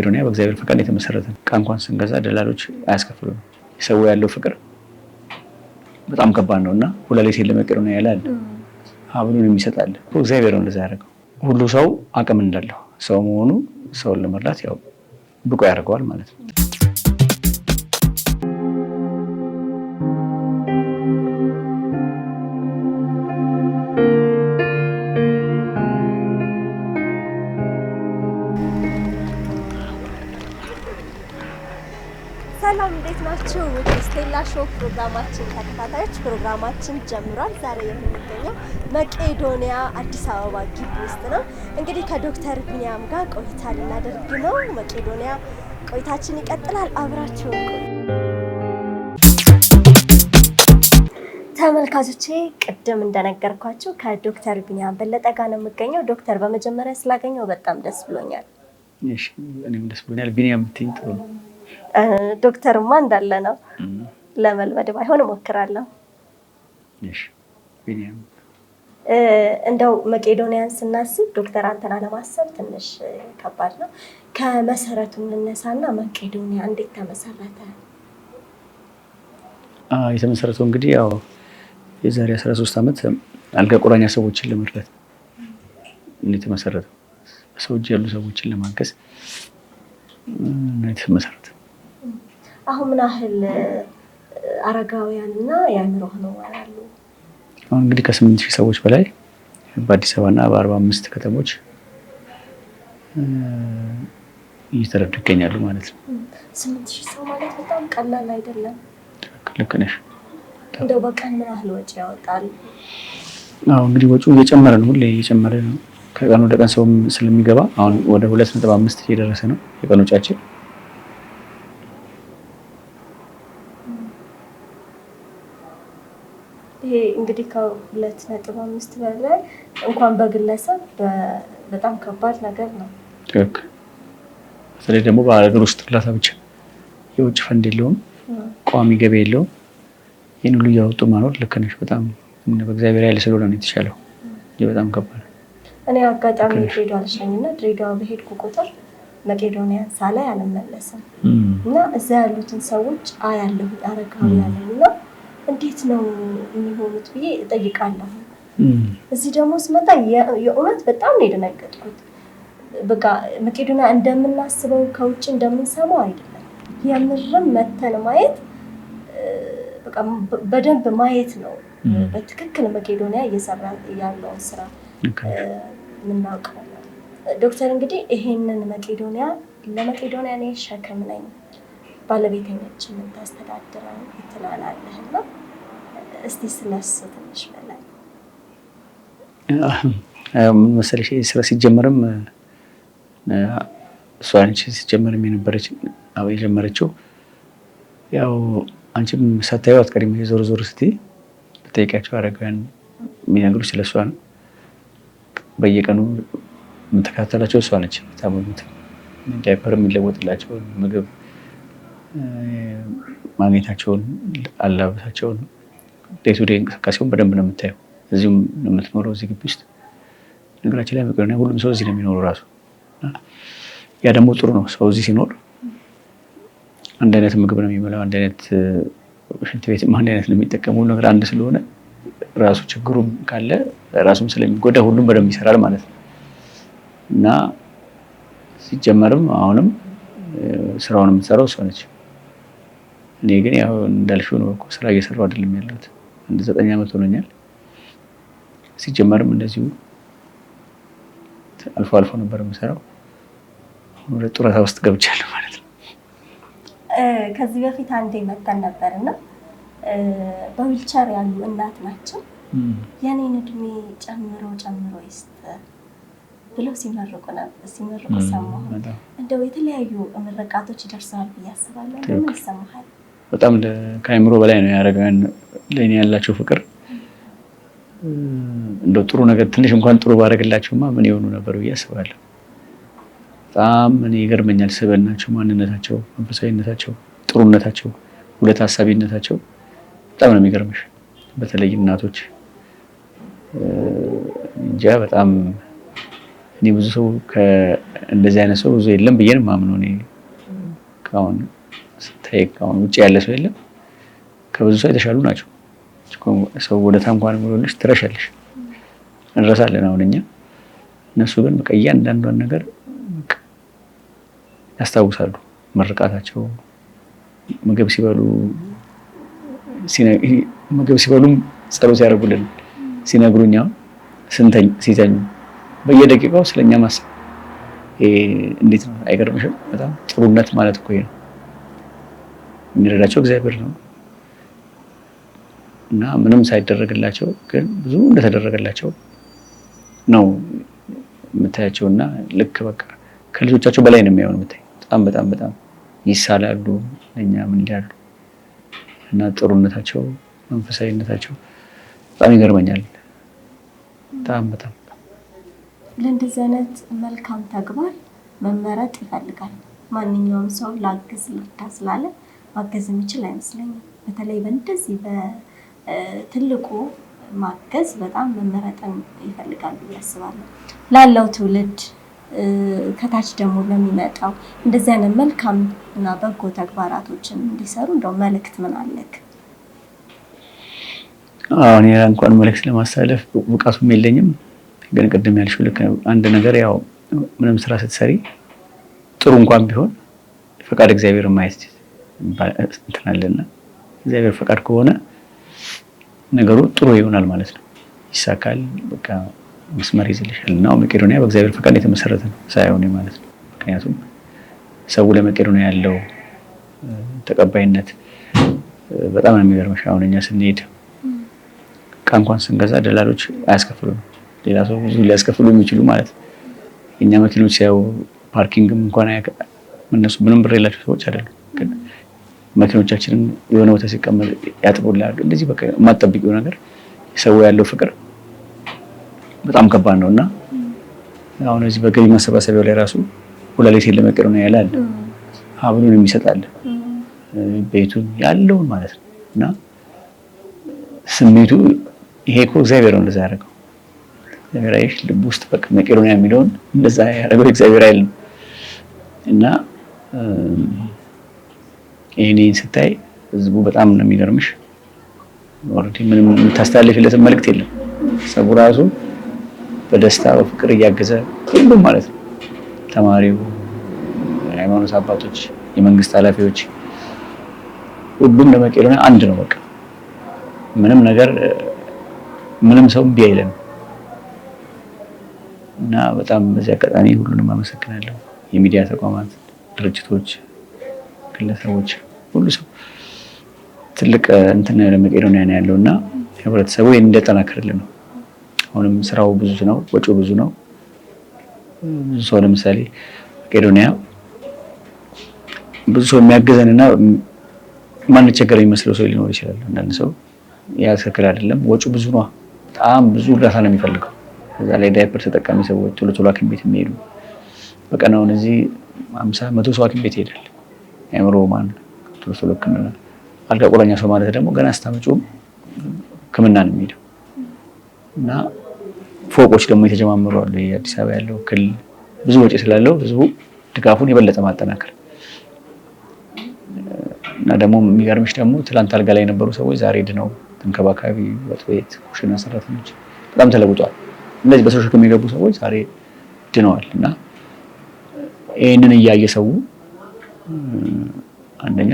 መቄዶንያ በእግዚአብሔር ፈቃድ የተመሰረተ ነው። ዕቃ እንኳን ስንገዛ ደላሎች አያስከፍሉም። የሰው ያለው ፍቅር በጣም ከባድ ነው እና ሁላሌት የለ መቄዶንያ ያላል ሀብሉን የሚሰጣል እግዚአብሔር ነው። እንደዛ ያደረገው ሁሉ ሰው አቅም እንዳለው ሰው መሆኑ ሰውን ለመርዳት ያው ብቁ ያደርገዋል ማለት ነው። ናቸው ፕሮግራማችን ተከታታዮች፣ ፕሮግራማችን ጀምሯል። ዛሬ የምንገኘው መቄዶንያ አዲስ አበባ ግቢ ውስጥ ነው። እንግዲህ ከዶክተር ቢኒያም ጋር ቆይታ ልናደርግ ነው። መቄዶንያ ቆይታችን ይቀጥላል። አብራችሁ ተመልካቾቼ፣ ቅድም እንደነገርኳቸው ከዶክተር ቢኒያም በለጠ ጋር ነው የምገኘው። ዶክተር በመጀመሪያ ስላገኘው በጣም ደስ ብሎኛል። እኔም ደስ ብሎኛል። ቢኒያም ጥሩ ነው። ዶክተርማ እንዳለ ነው። ለመልመድ ባይሆን እሞክራለሁ። እንደው መቄዶንያን ስናስብ ዶክተር አንተና ለማሰብ ትንሽ ከባድ ነው። ከመሰረቱ እንነሳና መቄዶንያ እንዴት ተመሰረተ? የተመሰረተው እንግዲህ ያው የዛሬ 13 ዓመት አልጋ ቁራኛ ሰዎችን ለመርዳት እንዴት የተመሰረተው በሰው እጅ ያሉ ሰዎችን ለማገዝ ነው የተመሰረተው። አሁን ምን ያህል አረጋውያን እና የአእምሮ ህሙማን አሉ። አሁን እንግዲህ ከስምንት ሺህ ሰዎች በላይ በአዲስ አበባ አበባና በአርባ አምስት ከተሞች እየተረዱ ይገኛሉ ማለት ነው። ስምንት ሺህ ሰው ማለት በጣም ቀላል አይደለም። ልክ ነሽ። እንደው በቀን ምን ያህል ወጪ ያወጣል? አሁ እንግዲህ ወጪው እየጨመረ ነው፣ ሁሌ እየጨመረ ነው። ከቀን ወደ ቀን ሰውም ስለሚገባ አሁን ወደ ሁለት ነጥብ አምስት እየደረሰ ነው የቀን ወጪያችን እንግዲህ ከሁለት ነጥብ አምስት በላይ እንኳን በግለሰብ በጣም ከባድ ነገር ነው። በተለይ ደግሞ በሀገር ውስጥ እርዳታ ብቻ የውጭ ፈንድ የለውም፣ ቋሚ ገቢ የለውም። ይህን ሁሉ እያወጡ ማኖር ልክ ነሽ። በጣም በእግዚአብሔር ያለ ስለሆነ ነው የተሻለው። በጣም ከባድ እኔ አጋጣሚ ድሬዳዋ አልሻኝ እና ድሬዳዋ በሄድኩ ቁጥር መቄዶንያን ሳላይ አልመለስም እና እዛ ያሉትን ሰዎች አያለሁ አረጋዊ ያለኝ እና እንዴት ነው የሚሆኑት ብዬ እጠይቃለሁ። እዚህ ደግሞ ስመጣ የእውነት በጣም ነው የደነገጥኩት። በቃ መቄዶንያ እንደምናስበው ከውጭ እንደምንሰማው አይደለም። የምርም መተን ማየት በደንብ ማየት ነው። በትክክል መቄዶንያ እየሰራ ያለውን ስራ የምናውቀው ዶክተር እንግዲህ ይሄንን መቄዶንያ ለመቄዶንያ እኔ ሸክም ነኝ ባለቤተኛችን የምታስተዳድረው ትላላለህና እስቲ ስለሱ ትንሽ በላይ ምን መሰለሽ ስራ ሲጀመርም እሷ አንቺ ሲጀመርም የነበረች የጀመረችው ያው አንቺም ሳታዩ አትቀሪም። ዞር ዞር አረጋውያን ስለ እሷ ነው። በየቀኑ የምትከታተላቸው እሷ ነች። ዳይፐር የሚለወጥላቸውን ምግብ ማግኘታቸውን አላበሳቸውን ዴይ ቱ ዴይ እንቅስቃሴውን በደንብ ነው የምታየው። እዚሁም ነው የምትኖረው እዚህ ግቢ ውስጥ ነገራችን ላይ መቅደና ሁሉም ሰው እዚህ ነው የሚኖረው ራሱ። ያ ደግሞ ጥሩ ነው። ሰው እዚህ ሲኖር አንድ አይነት ምግብ ነው የሚበላው፣ አንድ አይነት ሽንት ቤት አንድ አይነት ነው የሚጠቀሙ ነገር አንድ ስለሆነ ራሱ ችግሩም ካለ ራሱም ስለሚጎዳ ሁሉም በደንብ ይሰራል ማለት ነው እና ሲጀመርም አሁንም ስራውን የምትሰራው እሷ ነች። እኔ ግን ያው እንዳልሽው ነው ስራ እየሰራው አይደለም ያለሁት። እንደ ዘጠኝ ዓመት ሆኖኛል። ሲጀመርም እንደዚሁ አልፎ አልፎ ነበር የምሰራው። ወደ ጡረታ ውስጥ ገብቻለሁ ማለት ነው። ከዚህ በፊት አንዴ መተን ነበር እና በዊልቸር ያሉ እናት ናቸው የኔን እድሜ ጨምሮ ጨምሮ ይስጥ ብለው ሲመርቁ ሲመርቁ ሰማሁ። እንደው የተለያዩ ምርቃቶች ይደርሰዋል ብዬ አስባለሁ። ምን ይሰማሃል? በጣም ከአይምሮ በላይ ነው ያደረገን። ለእኔ ያላቸው ፍቅር እንደ ጥሩ ነገር ትንሽ እንኳን ጥሩ ባደረግላቸውማ ምን የሆኑ ነበር ብዬ አስባለሁ። በጣም እኔ ይገርመኛል ስበናቸው፣ ማንነታቸው፣ መንፈሳዊነታቸው፣ ጥሩነታቸው፣ ሁለት ሀሳቢነታቸው በጣም ነው የሚገርምሽ። በተለይ እናቶች እንጃ በጣም እኔ ብዙ ሰው እንደዚህ አይነት ሰው ብዙ የለም ብዬ ነው የማምነው ከአሁን ውጭ ያለ ሰው የለም። ከብዙ ሰው የተሻሉ ናቸው። ሰው ወደ ታንኳን ብሎልሽ ትረሻለሽ፣ እንረሳለን። አሁን እኛ እነሱ ግን በቃ እያንዳንዷን ነገር ያስታውሳሉ። ምርቃታቸው፣ ምግብ ሲበሉ ምግብ ሲበሉም ጸሎት ያደርጉልን ሲነግሩኛ፣ ሲተኙ በየደቂቃው ስለኛ ማሰብ እንዴት ነው? አይገርምሽም? በጣም ጥሩነት ማለት እኮ ነው። የሚረዳቸው እግዚአብሔር ነው እና ምንም ሳይደረግላቸው ግን ብዙ እንደተደረገላቸው ነው የምታያቸው። እና ልክ በቃ ከልጆቻቸው በላይ ነው የሚሆን የምታይ በጣም በጣም በጣም ይሳላሉ ለእኛ ምን ይላሉ እና ጥሩነታቸው፣ መንፈሳዊነታቸው በጣም ይገርመኛል። በጣም በጣም ለእንደዚህ አይነት መልካም ተግባር መመረጥ ይፈልጋል ማንኛውም ሰው ላግዝ ልርዳ ስላለ ማገዝ የሚችል አይመስለኝም። በተለይ በእንደዚህ በትልቁ ማገዝ በጣም መመረጥን ይፈልጋሉ ብዬ ላለው ትውልድ ከታች ደግሞ ለሚመጣው እንደዚህ አይነት መልካም እና በጎ ተግባራቶችን እንዲሰሩ እንደው መልእክት ምን አለክ? አሁን እንኳን መልእክት ለማሳለፍ ብቃቱም የለኝም፣ ግን ቅድም ያልሽው ልክ አንድ ነገር ያው ምንም ስራ ስትሰሪ ጥሩ እንኳን ቢሆን ፈቃድ እግዚአብሔር ማየት እንትን እግዚአብሔር ፈቃድ ከሆነ ነገሩ ጥሩ ይሆናል ማለት ነው። ይሳካል፣ በቃ መስመር ይዝልሻል። እና መቄዶኒያ በእግዚአብሔር ፈቃድ የተመሰረተ ነው ሳይሆን ማለት ነው። ምክንያቱም ሰው ለመቄዶኒያ ያለው ተቀባይነት በጣም ነው የሚገርመሽ። አሁን እኛ ስንሄድ እቃ እንኳን ስንገዛ ደላሎች አያስከፍሉም። ሌላ ሰው ብዙ ሊያስከፍሉ የሚችሉ ማለት ነው። የእኛ መኪኖች ሲያዩ ፓርኪንግም እንኳን እነሱ ምንም ብር የላቸው ሰዎች አይደሉም። መኪኖቻችንን የሆነ ቦታ ሲቀመጥ ያጥቡላሉ። እንደዚህ በቃ የማትጠብቂው ነገር ሰው ያለው ፍቅር በጣም ከባድ ነው እና አሁን እዚህ በገቢ ማሰባሰቢያው ላይ ራሱ ሁላሌት ለመቀዶ ነው ያላል ሀብሉን የሚሰጣል ቤቱን ያለውን ማለት ነው እና ስሜቱ ይሄ እኮ እግዚአብሔር ነው እንደዛ ያደረገው። እግዚአብሔር አይሽ ልብ ውስጥ በቃ መቄዶንያ የሚለውን እንደዛ ያደረገው እግዚአብሔር አይል ነው እና ይህኔን ስታይ ህዝቡ በጣም ነው የሚገርምሽ። ኦልሬዲ ምንም የምታስተላልፊለትን መልእክት የለም። ሰቡ ራሱ በደስታ በፍቅር እያገዘ ሁሉም ማለት ነው ተማሪው፣ የሃይማኖት አባቶች፣ የመንግስት ኃላፊዎች ሁሉም ለመቄዶንያ አንድ ነው። በቃ ምንም ነገር ምንም ሰው እምቢ አይለም እና በጣም በዚህ አጋጣሚ ሁሉንም አመሰግናለሁ። የሚዲያ ተቋማት፣ ድርጅቶች፣ ግለሰቦች ሁሉ ሰው ትልቅ እንትን ለመቄዶንያ ነው ያለው እና ህብረተሰቡ እንደጠናከርልን ነው። አሁንም ስራው ብዙ ነው፣ ወጪው ብዙ ነው። ብዙ ሰው ለምሳሌ መቄዶንያ ብዙ ሰው የሚያገዘን እና ማንቸገር የሚመስለው ሰው ሊኖር ይችላል። አንዳንድ ሰው ያ ትክክል አይደለም። ወጪው ብዙ ነው። በጣም ብዙ እርዳታ ነው የሚፈልገው። እዛ ላይ ዳይፐር ተጠቃሚ ሰዎች ቶሎ ቶሎ ሐኪም ቤት የሚሄዱ በቀን አሁን እዚህ አምሳ መቶ ሰው ሐኪም ቤት ይሄዳል። አይምሮ ማን ተወስዶ ሕክምና አልጋ ቁራኛ ሰው ማለት ደግሞ ገና ስታመጪውም ሕክምና ነው የሚሄደው እና ፎቆች ደግሞ የተጀማመሩ አሉ። የአዲስ አበባ ያለው ክልል ብዙ ወጪ ስላለው ህዝቡ ድጋፉን የበለጠ ማጠናከር እና ደግሞ የሚገርምሽ ደግሞ ትላንት አልጋ ላይ የነበሩ ሰዎች ዛሬ ድነው ተንከባካቢ፣ ወጥ ቤት፣ ኩሽና ሰራተኞች በጣም ተለውጠዋል። እነዚህ በሰው ሸክም የገቡ ሰዎች ዛሬ ድነዋል እና ይህንን እያየ ሰው አንደኛ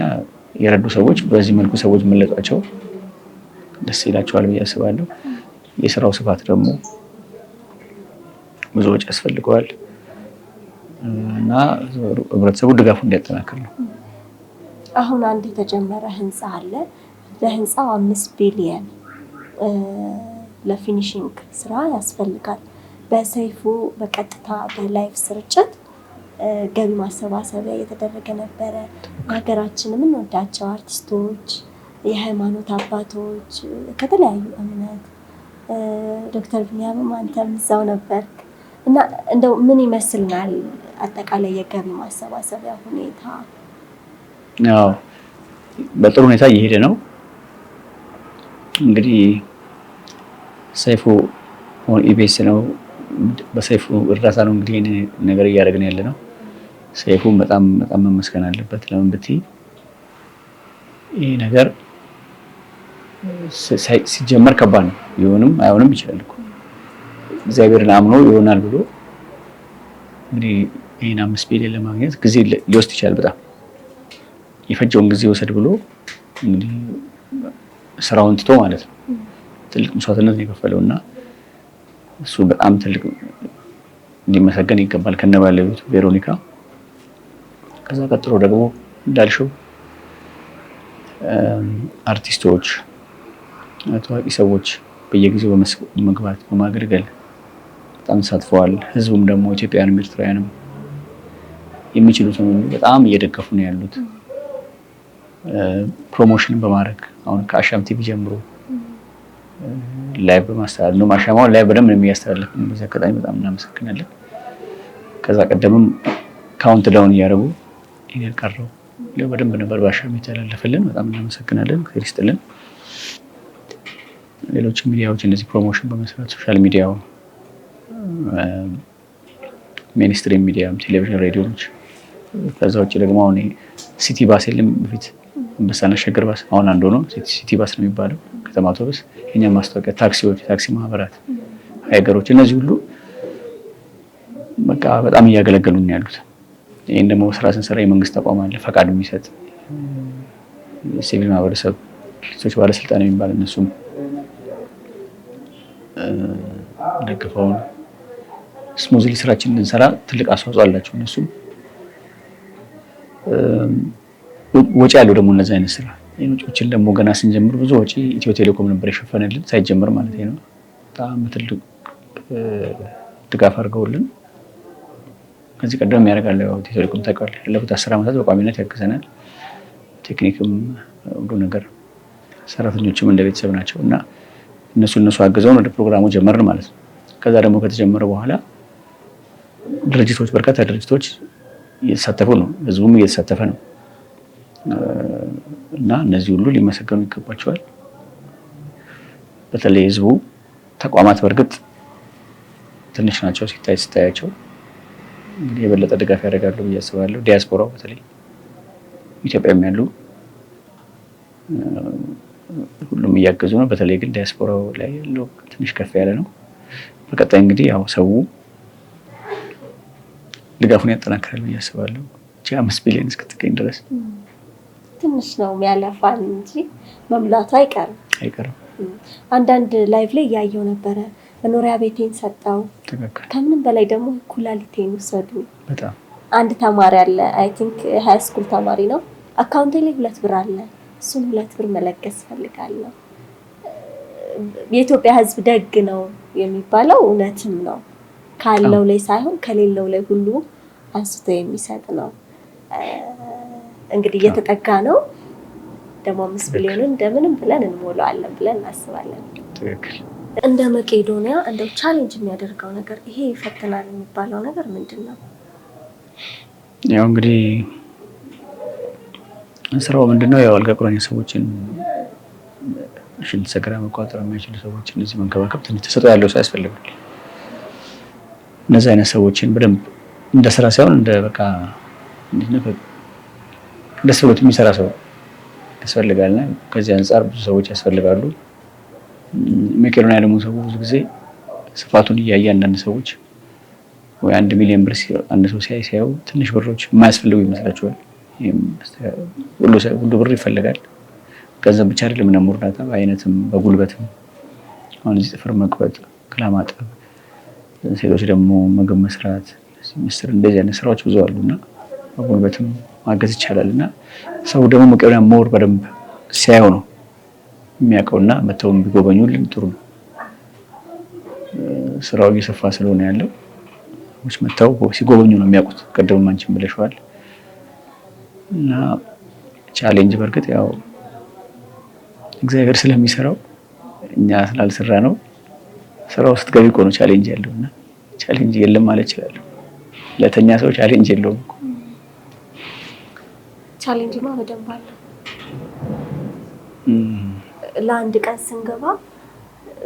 የረዱ ሰዎች በዚህ መልኩ ሰዎች መለጧቸው ደስ ይላቸዋል ብዬ አስባለሁ። የስራው ስፋት ደግሞ ብዙ ወጪ ያስፈልገዋል እና ህብረተሰቡ ድጋፉ እንዲያጠናክር ነው። አሁን አንድ የተጀመረ ህንፃ አለ። ለህንፃው አምስት ቢሊየን ለፊኒሽንግ ስራ ያስፈልጋል። በሰይፉ በቀጥታ በላይፍ ስርጭት ገቢ ማሰባሰቢያ እየተደረገ ነበረ። ሀገራችንም የምንወዳቸው አርቲስቶች፣ የሃይማኖት አባቶች ከተለያዩ እምነት ዶክተር ቢኒያምም አንተም እዛው ነበርክ እና እንደው ምን ይመስልናል አጠቃላይ የገቢ ማሰባሰቢያ ሁኔታ? አዎ በጥሩ ሁኔታ እየሄደ ነው። እንግዲህ ሰይፉ ኢቤስ ነው፣ በሰይፉ እርዳታ ነው እንግዲህ ነገር እያደረግን ያለ ነው። ሰይፉን በጣም በጣም መመስገን አለበት። ለምን ብትይ ይህ ነገር ሲጀመር ከባድ ነው። ቢሆንም ይችላል እኮ እግዚአብሔርን አምኖ ይሆናል ብሎ እንግዲህ ይህን አምስት ለማግኘት ጊዜ ሊወስድ ይችላል። በጣም የፈጀውን ጊዜ ወሰድ ብሎ እንግዲህ ስራውን ትቶ ማለት ነው ትልቅ መስዋዕትነት ነው የከፈለው እና እሱ በጣም ትልቅ ሊመሰገን ይገባል ከነባለቤቱ ቬሮኒካ ከዛ ቀጥሎ ደግሞ እንዳልሽው አርቲስቶች፣ ታዋቂ ሰዎች በየጊዜው በመግባት በማገልገል በጣም ተሳትፈዋል። ህዝቡም ደግሞ ኢትዮጵያውያንም ኤርትራውያንም የሚችሉትን በጣም እየደገፉ ነው ያሉት። ፕሮሞሽን በማድረግ አሁን ከአሻም ቲቪ ጀምሮ ላይ በማስተላለፍ ነው። ላይ በደንብ ነው የሚያስተላለፍ። በዚህ አጋጣሚ በጣም እናመሰግናለን። ከዛ ቀደምም ካውንት ዳውን እያደረጉ የቀረው በደንብ ነበር ባሻም የተላለፈልን። በጣም እናመሰግናለን። እግዚአብሔር ይስጥልን። ሌሎች ሚዲያዎች እንደዚህ ፕሮሞሽን በመስራት ሶሻል ሚዲያው፣ ሚኒስትሪም ሚዲያ፣ ቴሌቪዥን፣ ሬዲዮች ከዛ ውጭ ደግሞ አሁን ሲቲ ባስ የለም በፊት አንበሳና ሸገር ባስ አሁን አንዱ ነው። ሲቲ ባስ ነው የሚባለው ከተማ አውቶብስ የኛ ማስታወቂያ፣ ታክሲዎች፣ ታክሲ ማህበራት፣ ሀገሮች እነዚህ ሁሉ በቃ በጣም እያገለገሉን ያሉት ይህን ደግሞ ስራ ስንሰራ የመንግስት ተቋም አለ ፈቃድ የሚሰጥ ሲቪል ማህበረሰብ ሰዎች ባለስልጣን የሚባል እነሱም ደግፈውን ስሙዝሊ ስራችን እንድንሰራ ትልቅ አስተዋጽኦ አላቸው። እነሱም ወጪ ያለው ደግሞ እነዚህ አይነት ስራ ይህን ወጪዎችን ደግሞ ገና ስንጀምር ብዙ ወጪ ኢትዮ ቴሌኮም ነበር የሸፈነልን ሳይጀምር ማለት ነው። በጣም ትልቅ ድጋፍ አድርገውልን ከዚህ ቀደም ያደርጋል ቴሌኮም ታውቃለህ። ያለፉት አስር ዓመታት በቋሚነት ያግዘናል። ቴክኒክም ሁሉ ነገር ሰራተኞችም እንደ ቤተሰብ ናቸው እና እነሱ እነሱ አግዘውን ወደ ፕሮግራሙ ጀመርን ማለት ነው። ከዛ ደግሞ ከተጀመረ በኋላ ድርጅቶች በርካታ ድርጅቶች እየተሳተፉ ነው፣ ህዝቡም እየተሳተፈ ነው እና እነዚህ ሁሉ ሊመሰገኑ ይገባቸዋል። በተለይ ህዝቡ ተቋማት በእርግጥ ትንሽ ናቸው ሲታይ ስታያቸው የበለጠ ድጋፍ ያደርጋሉ ብዬ አስባለሁ። ዲያስፖራው በተለይ ኢትዮጵያም ያሉ ሁሉም እያገዙ ነው። በተለይ ግን ዲያስፖራው ላይ ያለው ትንሽ ከፍ ያለ ነው። በቀጣይ እንግዲህ ያው ሰው ድጋፉን ያጠናክራል ብዬ አስባለሁ። አምስት ቢሊዮን እስክትገኝ ድረስ ትንሽ ነው የሚያለፋን እንጂ መምላቱ አይቀርም አይቀርም። አንዳንድ ላይቭ ላይ እያየው ነበረ መኖሪያ ቤቴን ሰጠው። ከምንም በላይ ደግሞ ኩላሊቴን ውሰዱ። አንድ ተማሪ አለ፣ አይ ቲንክ ሀይ ስኩል ተማሪ ነው። አካውንቴ ላይ ሁለት ብር አለ፣ እሱን ሁለት ብር መለገስ ፈልጋለሁ። የኢትዮጵያ ሕዝብ ደግ ነው የሚባለው እውነትም ነው። ካለው ላይ ሳይሆን ከሌለው ላይ ሁሉ አንስቶ የሚሰጥ ነው። እንግዲህ እየተጠጋ ነው። ደግሞ አምስት ቢሊዮንን እንደምንም ብለን እንሞላዋለን ብለን እናስባለን። ትክክል እንደ መቄዶንያ እንደው ቻሌንጅ የሚያደርገው ነገር ይሄ ይፈትናል የሚባለው ነገር ምንድን ነው? ያው እንግዲህ ስራው ምንድን ነው? ያው አልጋ ቁራኛ ሰዎችን ሽንት ሰገራ መቋጠር የሚያችሉ ሰዎችን እነዚህ መንከባከብ ትንሽ ተሰጥኦ ያለው ሰው ያስፈልጋል። እነዚህ አይነት ሰዎችን በደንብ እንደ ስራ ሳይሆን እንደ በቃ ደስ ብሎት የሚሰራ ሰው ያስፈልጋልና ከዚህ አንጻር ብዙ ሰዎች ያስፈልጋሉ። መቄዶኒያ ደግሞ ሰው ብዙ ጊዜ ስፋቱን እያየ አንዳንድ ሰዎች ወይ አንድ ሚሊዮን ብር አንድ ሰው ሲያይ ሲያዩ ትንሽ ብሮች የማያስፈልጉ ይመስላቸዋል። ሁሉ ብር ይፈልጋል። ገንዘብ ብቻ አይደለም ደግሞ እርዳታ በአይነትም በጉልበትም አሁን እዚህ ጥፍር መቅበጥ፣ ገላ ማጠብ፣ ሴቶች ደግሞ ምግብ መስራት፣ ምስር እንደዚህ አይነት ስራዎች ብዙ አሉ እና በጉልበትም ማገዝ ይቻላል እና ሰው ደግሞ መቄዶንያ ሞር በደንብ ሲያየው ነው የሚያውቀውና መተውም ቢጎበኙልን ጥሩ ነው። ስራው እየሰፋ ስለሆነ ያለው ሰዎች መተው ሲጎበኙ ነው የሚያውቁት። ቅድም አንቺም ብለሽዋል እና ቻሌንጅ በእርግጥ ያው እግዚአብሔር ስለሚሰራው እኛ ስላልሰራ ነው። ስራው ስትገቢ እኮ ነው ቻሌንጅ ያለው እና ቻሌንጅ የለም ማለት ይችላሉ። ለተኛ ሰው ቻሌንጅ የለውም። ቻሌንጅ ማ በደንብ አለው። ለአንድ ቀን ስንገባ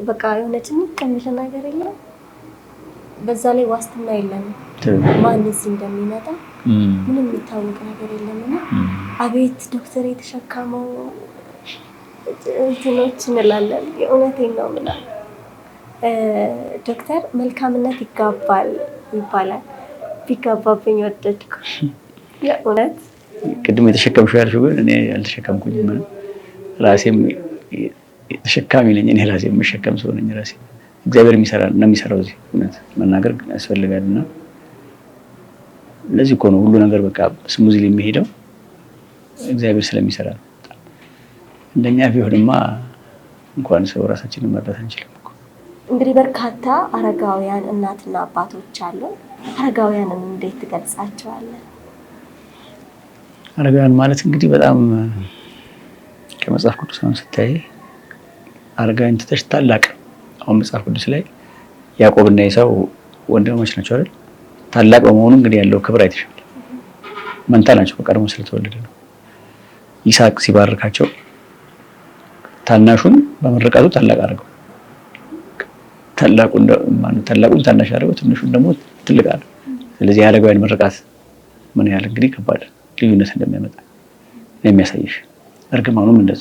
በቃ የሆነ ትንሽ ቀንሽ ነገር የለም። በዛ ላይ ዋስትና የለም። ማንስ እንደሚመጣ ምንም የሚታወቅ ነገር የለም እና አቤት ዶክተር የተሸከመው እንትኖች እንላለን። የእውነቴን ነው ምናምን ዶክተር መልካምነት ይጋባል ይባላል። ቢጋባብኝ ወደድኩ። የእውነት ቅድም የተሸከምሽው ያልሽው ግን እኔ አልተሸከምኩኝም ምንም ራሴም ተሸካሚ ነኝ እኔ ራሴ የምሸከም ሰው ነኝ ራሴ እግዚአብሔር የሚሰራ ነው የሚሰራው እዚህ እውነት መናገር ያስፈልጋል እና ለዚህ እኮ ነው ሁሉ ነገር በቃ ስሙዝል የሚሄደው እግዚአብሔር ስለሚሰራ እንደኛ ቢሆንማ እንኳን ሰው ራሳችንን መረት አንችልም። እንግዲህ በርካታ አረጋውያን እናትና አባቶች አሉ። አረጋውያንን እንዴት ትገልጻቸዋለን? አረጋውያን ማለት እንግዲህ በጣም መጽሐፍ ቅዱስን ስታይ አረጋዊን ትተሽ ታላቅ አሁን መጽሐፍ ቅዱስ ላይ ያዕቆብና ኤሳው ወንድሞች ናቸው አይደል? ታላቅ በመሆኑ እንግዲህ ያለው ክብር አይተሻል። መንታ ናቸው፣ በቀድሞ ስለተወለደ ነው። ይስሐቅ ሲባርካቸው ታናሹን በምርቃቱ ታላቅ አድርገው ታላቁን ታላቁን ታናሽ አድርገው ትንሹን ደግሞ ትልቅ አለ። ስለዚህ የአረጋውያን ምርቃት ምን ያህል እንግዲህ ከባድ ልዩነት እንደሚያመጣ የሚያሳይሽ እርግማኑም እንደዛ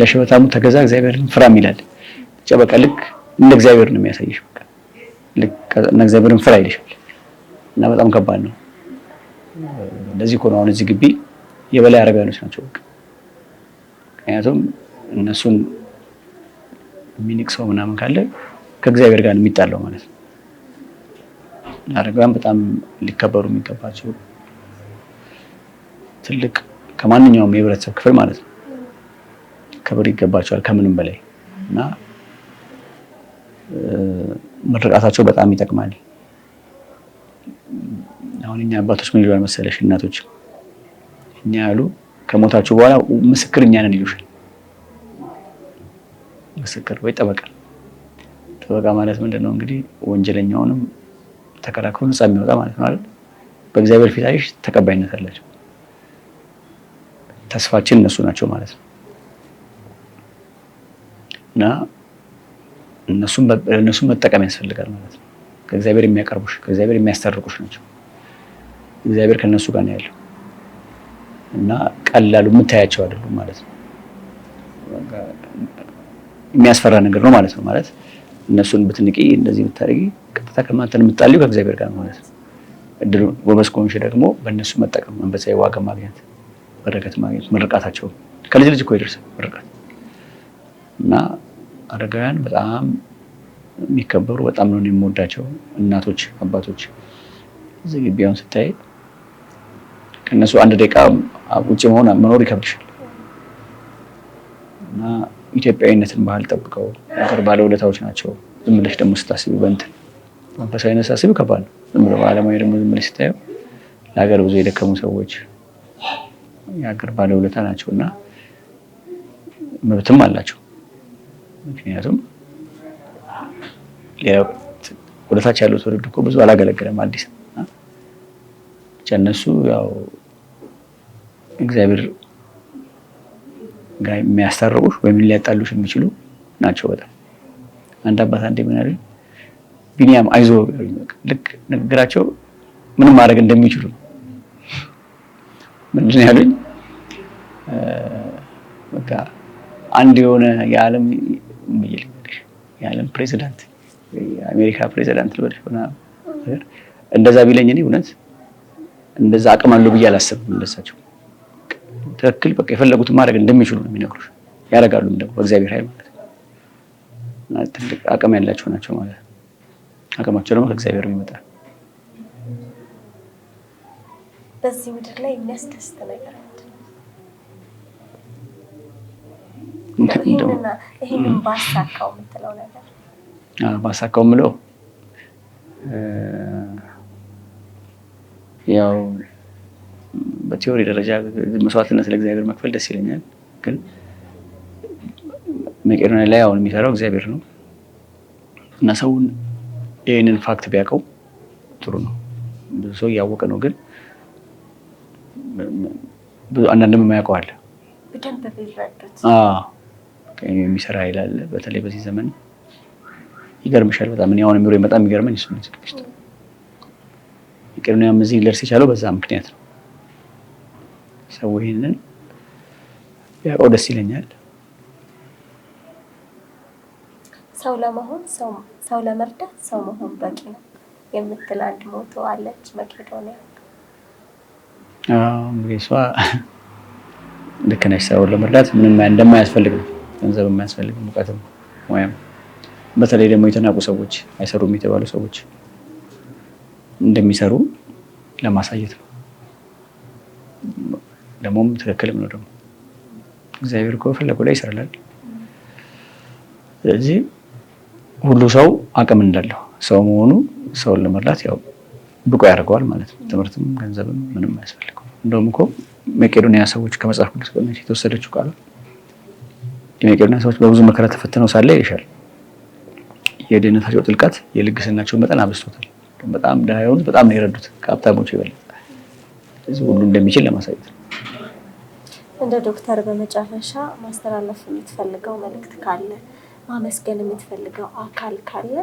ለሽበታሙ ተገዛ እግዚአብሔርን ፍራም ይላል። ብቻ በቃ ልክ እንደ እግዚአብሔር ነው የሚያሳይሽ። በቃ ልክ እንደ እግዚአብሔርን ፍራ ይልሻል እና በጣም ከባድ ነው። እንደዚህ እኮ አሁን እዚህ ግቢ የበላይ አረጋውያኖች ናቸው። በቃ ምክንያቱም እነሱን የሚንቅ ሰው ምናምን ካለ ከእግዚአብሔር ጋር የሚጣለው ማለት ነው። አረጋውያን በጣም ሊከበሩ የሚገባቸው ትልቅ ከማንኛውም የህብረተሰብ ክፍል ማለት ነው። ክብር ይገባቸዋል ከምንም በላይ እና ምርቃታቸው በጣም ይጠቅማል። አሁን እኛ አባቶች ምን ይሏል መሰለሽ፣ እናቶች እኛ ያሉ ከሞታችሁ በኋላ ምስክር እኛ ነን ይሉሻል። ምስክር ወይ ጠበቃ። ጠበቃ ማለት ምንድን ነው እንግዲህ ወንጀለኛውንም ተከራክሮ ነፃ የሚወጣ ማለት ነው አይደል? በእግዚአብሔር ፊት አይሽ ተቀባይነት አላቸው። ተስፋችን እነሱ ናቸው ማለት ነው እና እነሱን መጠቀም ያስፈልጋል ማለት ነው። ከእግዚአብሔር የሚያቀርቡሽ ከእግዚአብሔር የሚያስታርቁሽ ናቸው። እግዚአብሔር ከእነሱ ጋር ነው ያለው እና ቀላሉ የምታያቸው አይደሉም ማለት ነው። የሚያስፈራ ነገር ነው ማለት ነው። ማለት እነሱን ብትንቂ እንደዚህ ብታደርጊ ቀጥታ ከማንተን የምጣልዩ ከእግዚአብሔር ጋር ማለት ነው። እድል ጎበዝ ከሆንሽ ደግሞ በእነሱ መጠቀም መንፈሳዊ ዋጋ ማግኘት በረከት ማግኘት ምርቃታቸው ከልጅ ልጅ እኮ ይደርሳል ምርቃት እና አረጋውያን በጣም የሚከበሩ በጣም ነው የምወዳቸው እናቶች፣ አባቶች እዚህ ግቢያውን ስታይ ከእነሱ አንድ ደቂቃ ውጭ መሆን መኖር ይከብድሻል እና ኢትዮጵያዊነትን ባህል ጠብቀው ነገር ባለውለታዎች ናቸው። ዝም ብለሽ ደግሞ ስታስቢ በእንትን መንፈሳዊ ነሳስብ ከባድ ነው። ዝም ደግሞ ዝም ብለሽ ስታየው ለሀገር ብዙ የደከሙ ሰዎች የሀገር ባለውለታ ናቸው እና መብትም አላቸው። ምክንያቱም ውለታች ወደታች ያለው ትውልድ እኮ ብዙ አላገለገለም አዲስ ብቻ እነሱ ያው እግዚአብሔር ጋር የሚያስታርቁሽ ወይም ሊያጣሉሽ የሚችሉ ናቸው። በጣም አንድ አባት አንዴ ምን አለኝ፣ ቢኒያም አይዞ ልክ ንግግራቸው ምንም ማድረግ እንደሚችሉ ምንድን ያሉኝ በቃ አንድ የሆነ የዓለም የዓለም ፕሬዚዳንት የአሜሪካ ፕሬዚዳንት ልበልሽ ሆነ እንደዛ ቢለኝ እኔ እውነት እንደዛ አቅም አለው ብዬ አላሰብም። እንደሳቸው ትክክል በቃ የፈለጉትን ማድረግ እንደሚችሉ ነው የሚነግሩሽ። ያደርጋሉም ደግሞ በእግዚአብሔር ኃይል ማለት ትልቅ አቅም ያላቸው ናቸው ማለት አቅማቸው ደግሞ ከእግዚአብሔር ይመጣል። በዚህ ምድር ላይ የሚያስደስት ነገር ባሳካው የምትለው ነገር ባሳካው የምለው ያው ደረጃ መስዋዕትነት ለእግዚአብሔር መክፈል ደስ ይለኛል። ግን መቄዶኒያ ላይ አሁን የሚሰራው እግዚአብሔር ነው እና ሰውን ይህንን ፋክት ቢያውቀው ጥሩ ነው። ብዙ ሰው እያወቀ ነው፣ ግን አንዳንድም የማያውቀው አለ። የሚሰራ ኃይል አለ። በተለይ በዚህ ዘመን ይገርምሻል በጣም እኔ አሁን ሚሮ በጣም የሚገርመኝ እሱ ነው። ትግስት ቅድሚያም እዚህ ሊደርስ የቻለው በዛ ምክንያት ነው። ሰው ይህንን ያውቀው ደስ ይለኛል። ሰው ለመሆን ሰው ለመርዳት ሰው መሆን በቂ ነው የምትል አንድ ሞቶ አለች መቄዶኒያ። እንግዲህ እሷ ልክ ነች። ሰውን ለመርዳት ምንም እንደማያስፈልግ ነው ገንዘብ የማያስፈልግም እውቀትም ወይም በተለይ ደግሞ የተናቁ ሰዎች አይሰሩም የተባሉ ሰዎች እንደሚሰሩ ለማሳየት ነው። ደግሞም ትክክልም ነው። ደግሞ እግዚአብሔር እኮ ፈለጉ ላይ ይሰራላል። ስለዚህ ሁሉ ሰው አቅም እንዳለው ሰው መሆኑ ሰውን ለመርዳት ያው ብቁ ያደርገዋል ማለት ነው። ትምህርትም ገንዘብም ምንም አያስፈልገው። እንደውም እኮ መቄዶንያ ሰዎች ከመጽሐፍ ቅዱስ የተወሰደችው ቃል የመቄዶንያ ሰዎች በብዙ መከራ ተፈትነው ሳለ ይሻል የድህነታቸው ጥልቀት የልግስናቸው መጠን አብስቶታል። በጣም ድሃ የሆኑት በጣም ነው የረዱት ከሀብታሞች የበለጠ። ስለዚህ ሁሉ እንደሚችል ለማሳየት ነው። እንደ ዶክተር በመጨረሻ ማስተላለፍ የምትፈልገው መልእክት ካለ ማመስገን የምትፈልገው አካል ካለ?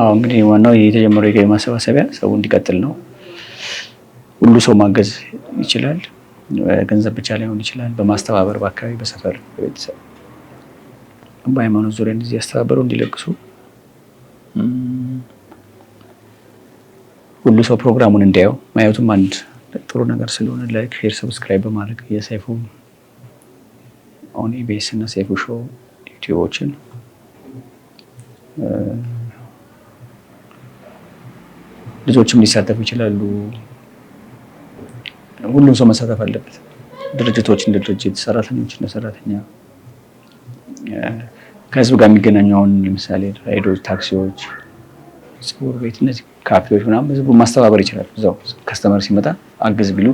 አዎ እንግዲህ ዋናው የተጀመረው የገቢ ማሰባሰቢያ ሰው እንዲቀጥል ነው። ሁሉ ሰው ማገዝ ይችላል። ገንዘብ ብቻ ላይሆን ይችላል። በማስተባበር በአካባቢ፣ በሰፈር፣ በቤተሰብ፣ በሃይማኖት ዙሪያ እንደዚህ ያስተባበሩ እንዲለግሱ ሁሉ ሰው ፕሮግራሙን እንዲያየው ማየቱም አንድ ጥሩ ነገር ስለሆነ ላይክ፣ ሼር፣ ሰብስክራይብ በማድረግ የሰይፉ ኦን ኢቢኤስ እና ሰይፉ ሾው ዩቲዩቦችን ልጆችም ሊሳተፉ ይችላሉ። ሁሉም ሰው መሳተፍ አለበት። ድርጅቶች እንደ ድርጅት፣ ሰራተኞች እንደ ሰራተኛ፣ ከህዝብ ጋር የሚገናኙ አሁን ለምሳሌ ራይዶች፣ ታክሲዎች፣ ጸጉር ቤት፣ እነዚህ ካፌዎች ምናምን ህዝቡ ማስተባበር ይችላል። እዛው ከስተመር ሲመጣ አግዝ ቢሉ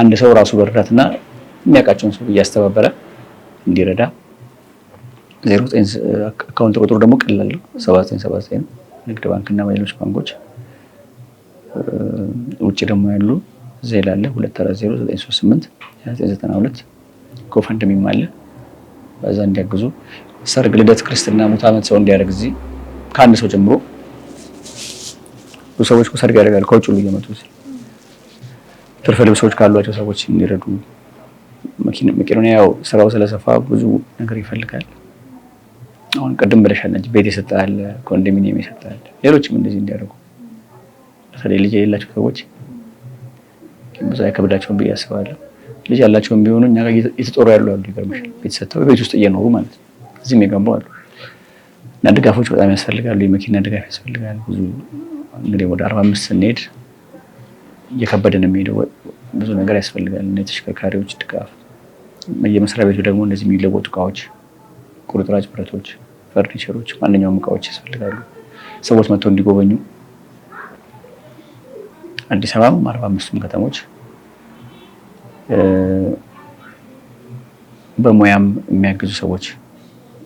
አንድ ሰው ራሱ በረዳትና የሚያውቃቸውን ሰው እያስተባበረ እንዲረዳ ዜሮ ዘጠኝ አካውንት ቁጥሩ ደግሞ ቀላል ነው፣ ሰባ ዘጠኝ ሰባ ዘጠኝ ነው። ንግድ ባንክና ሌሎች ባንኮች ውጭ ደግሞ ያሉ ዜል አለ 240938 992 አለ። በዛ እንዲያግዙ ሰርግ፣ ልደት፣ ክርስትና፣ ሙት ዓመት ሰው እንዲያደርግ እዚህ ከአንድ ሰው ጀምሮ ብዙ ሰዎች ሰርግ ያደርጋል ከውጭ ሁሉ እየመጡ ትርፍ ልብሶች ካሏቸው ሰዎች እንዲረዱ። መቄዶኒያ ያው ስራው ስለሰፋ ብዙ ነገር ይፈልጋል። አሁን ቅድም ብለሻል ቤት ይሰጣል፣ ኮንዶሚኒየም ይሰጣል። ሌሎችም እንደዚህ እንዲያደርጉ በተለይ ልጅ የሌላቸው ሰዎች ብዙ አይከብዳቸውም ብዬ አስባለሁ። ልጅ ያላቸውም ቢሆኑ እኛ ጋር እየተጦሩ ያሉ አሉ። ይገርምሻል፣ ቤት ሰጥተው ቤት ውስጥ እየኖሩ ማለት ነው። እዚህም የገቡ አሉ። እና ድጋፎች በጣም ያስፈልጋሉ። የመኪና ድጋፍ ያስፈልጋል። ብዙ እንግዲህ ወደ አርባ አምስት ስንሄድ እየከበደን የሚሄደው ብዙ ነገር ያስፈልጋል። እና የተሽከርካሪዎች ድጋፍ፣ የመስሪያ ቤቱ ደግሞ እንደዚህ የሚለወጡ እቃዎች፣ ቁርጥራጭ ብረቶች፣ ፈርኒቸሮች፣ ማንኛውም እቃዎች ያስፈልጋሉ። ሰዎች መጥተው እንዲጎበኙ አዲስ አበባም አርባ አምስቱም ከተሞች በሙያም የሚያግዙ ሰዎች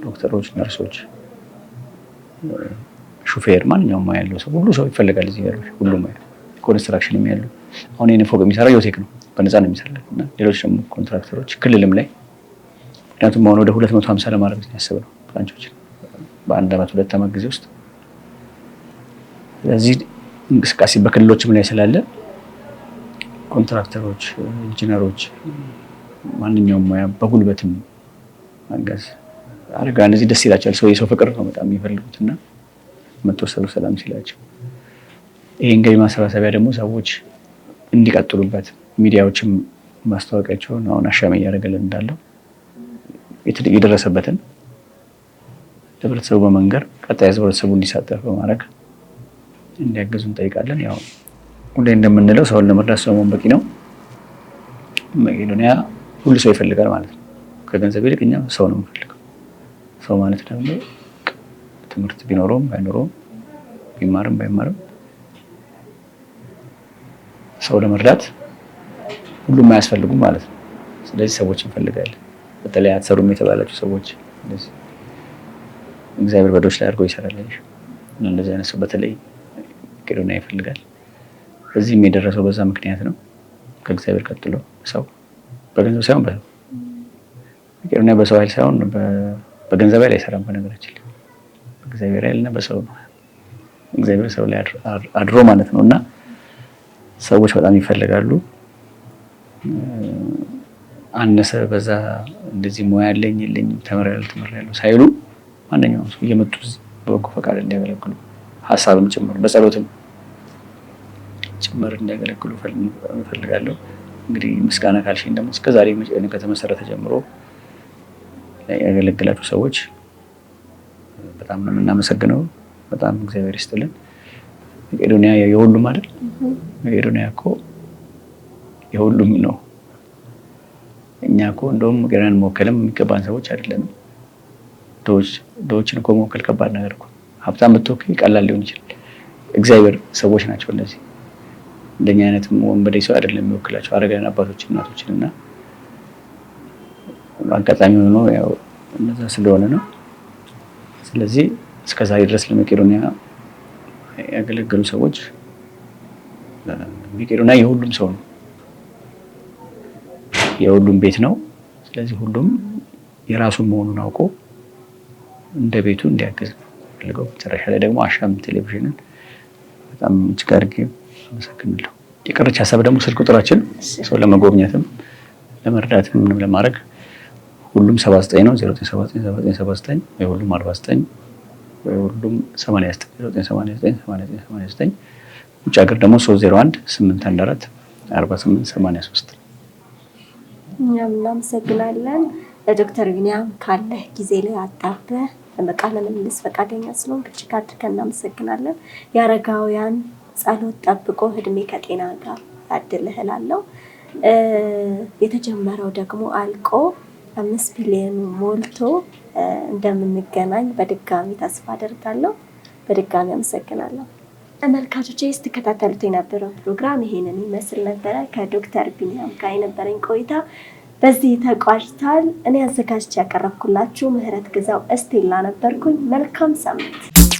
ዶክተሮች፣ ነርሶች፣ ሹፌር፣ ማንኛውም ሙያ ያለው ሰው ሁሉ ሰው ይፈልጋል። እዚህ ያሉ ሁሉ ሙያ ኮንስትራክሽን የሚያሉ አሁን ይህን ፎቅ የሚሰራው ዮቴክ ነው፣ በነፃ ነው የሚሰራ እና ሌሎች ደግሞ ኮንትራክተሮች ክልልም ላይ ምክንያቱም አሁን ወደ ሁለት መቶ ሀምሳ ለማድረግ ያስብ ነው ብራንቾችን በአንድ አመት ሁለት አመት ጊዜ ውስጥ ስለዚህ እንቅስቃሴ በክልሎችም ላይ ስላለ ኮንትራክተሮች፣ ኢንጂነሮች፣ ማንኛውም ሙያ በጉልበትም ማገዝ አደጋ እነዚህ ደስ ይላቸዋል። ሰው የሰው ፍቅር ነው በጣም የሚፈልጉት እና ሰሉ ሰላም ሲላቸው ይሄ እንግዲህ ማሰባሰቢያ ደግሞ ሰዎች እንዲቀጥሉበት ሚዲያዎችም ማስታወቂያቸውን አሁን አሻም እያደረገልን እንዳለው የደረሰበትን ህብረተሰቡ በመንገር ቀጣይ ህብረተሰቡ እንዲሳተፍ በማድረግ እንዲያግዙ እንጠይቃለን። ያው ሁሌ እንደምንለው ሰውን ለመርዳት ሰው መሆን በቂ ነው። መቄዶኒያ ሁሉ ሰው ይፈልጋል ማለት ነው። ከገንዘብ ይልቅ እኛ ሰው ነው የምፈልገው። ሰው ማለት ደግሞ ትምህርት ቢኖረውም ባይኖረውም ቢማርም ባይማርም ሰው ለመርዳት ሁሉም አያስፈልጉም ማለት ነው። ስለዚህ ሰዎች እንፈልጋለን። በተለይ አትሰሩም የተባላችሁ ሰዎች እግዚአብሔር በዶች ላይ አድርጎ ይሰራል። እንደዚህ አይነት ሰው በተለይ መቄዶንያ ይፈልጋል። እዚህም የደረሰው በዛ ምክንያት ነው። ከእግዚአብሔር ቀጥሎ ሰው በገንዘብ ሳይሆን በሰው መቄዶንያ በሰው ኃይል ሳይሆን በገንዘብ ኃይል አይሰራም። በነገራችን ላይ በእግዚአብሔር ኃይልና በሰው ነው። እግዚአብሔር ሰው ላይ አድሮ ማለት ነው እና ሰዎች በጣም ይፈልጋሉ። አነሰ በዛ እንደዚህ ሙያ ያለኝ የለኝ ተምሬያለሁ ተምሬያለሁ ሳይሉ ማንኛውም ሰው እየመጡ በጎ ፈቃድ እንዲያገለግሉ ሀሳብም ጭምሩ በጸሎትም ጭምር እንዲያገለግሉ እፈልጋለሁ። እንግዲህ ምስጋና ካልሽኝ ደግሞ እስከዛሬ ከተመሰረተ ጀምሮ ያገለግላችሁ ሰዎች በጣም ነው የምናመሰግነው። በጣም እግዚአብሔር ይስጥልን። መቄዶንያ የሁሉም አይደል? መቄዶንያ እኮ የሁሉም ነው። እኛ እኮ እንደውም መቄዶንያን መወከልም የሚገባን ሰዎች አይደለም። ድሆችን እኮ መወከል ከባድ ነገር እኮ ሀብታም ብትወክል ቀላል ሊሆን ይችላል። እግዚአብሔር ሰዎች ናቸው እነዚህ እንደኛ አይነት ወንበዴ ሰው አይደለም የሚወክላቸው አረጋን አባቶች እናቶችን እና አጋጣሚ ሆኖ ያው እነዛ ስለሆነ ነው። ስለዚህ እስከ ዛሬ ድረስ ለመቄዶኒያ ያገለገሉ ሰዎች መቄዶንያ የሁሉም ሰው ነው፣ የሁሉም ቤት ነው። ስለዚህ ሁሉም የራሱን መሆኑን አውቆ እንደ ቤቱ እንዲያገዝ ነው ፈልገው። መጨረሻ ላይ ደግሞ አሻም ቴሌቪዥንን በጣም እጅግ አድርጌ አመሰግናለሁ። የቀረች ሀሳብ ደግሞ ስልክ ቁጥራችን ሰው ለመጎብኘትም ለመርዳትም ምንም ለማድረግ ሁሉም 79 ነው 0979 ወይ ሁሉም 49 ወይ ሁሉም 89 ውጭ ሀገር ደግሞ 301 814 4883 እኛም እናመሰግናለን። ለዶክተር ቢኒያም ካለ ጊዜ ላይ አጣበ በቃለ ምልልስ ፈቃደኛ ስለሆን እጅግ አድርገን እናመሰግናለን። የአረጋውያን ጸሎት ጠብቆ እድሜ ከጤና ጋር ያድልህ እላለሁ። የተጀመረው ደግሞ አልቆ አምስት ቢሊዮን ሞልቶ እንደምንገናኝ በድጋሚ ተስፋ አደርጋለሁ። በድጋሚ አመሰግናለሁ። ተመልካቾች ስትከታተሉት የነበረው ፕሮግራም ይሄንን ይመስል ነበረ። ከዶክተር ቢኒያም ጋር የነበረኝ ቆይታ በዚህ ተቋጭቷል። እኔ አዘጋጅቼ ያቀረብኩላችሁ ምህረት ግዛው እስቴላ ነበርኩኝ። መልካም ሳምንት